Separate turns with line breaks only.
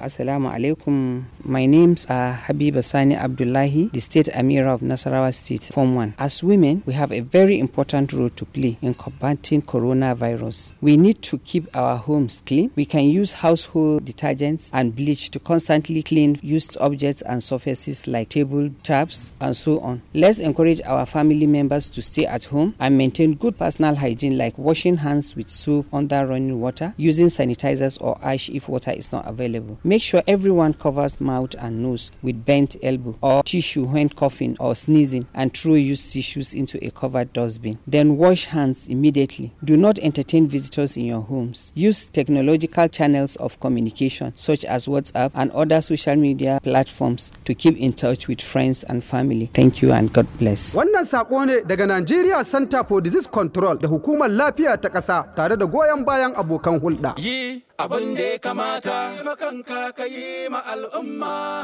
assalamu alaikum My names are Habiba Sani Abdullahi, the state Amira of Nasarawa State, Form 1. As women, we have a very important role to play in combating coronavirus. We need to keep our homes clean. We can use household detergents and bleach to constantly clean used objects and surfaces like table, taps, and so on. Let's encourage our family members to stay at home and maintain good personal hygiene like washing hands with soap under running water, using sanitizers or ash if water is not available. Make sure everyone covers mouth and nose with bent elbow or tissue when coughing or sneezing and throw used tissues into a covered dustbin. Then wash hands immediately. Do not entertain visitors in your homes. Use technological channels of communication such as WhatsApp and other social media platforms to keep in touch with friends and family. Thank you and God bless.
Wannan sako ne daga Nigeria Center for Disease Control da hukumar lafiya ta ƙasa tare da goyon bayan abokan hulɗa. Yi abin da ya kamata, makanka ka yi ma al'umma mama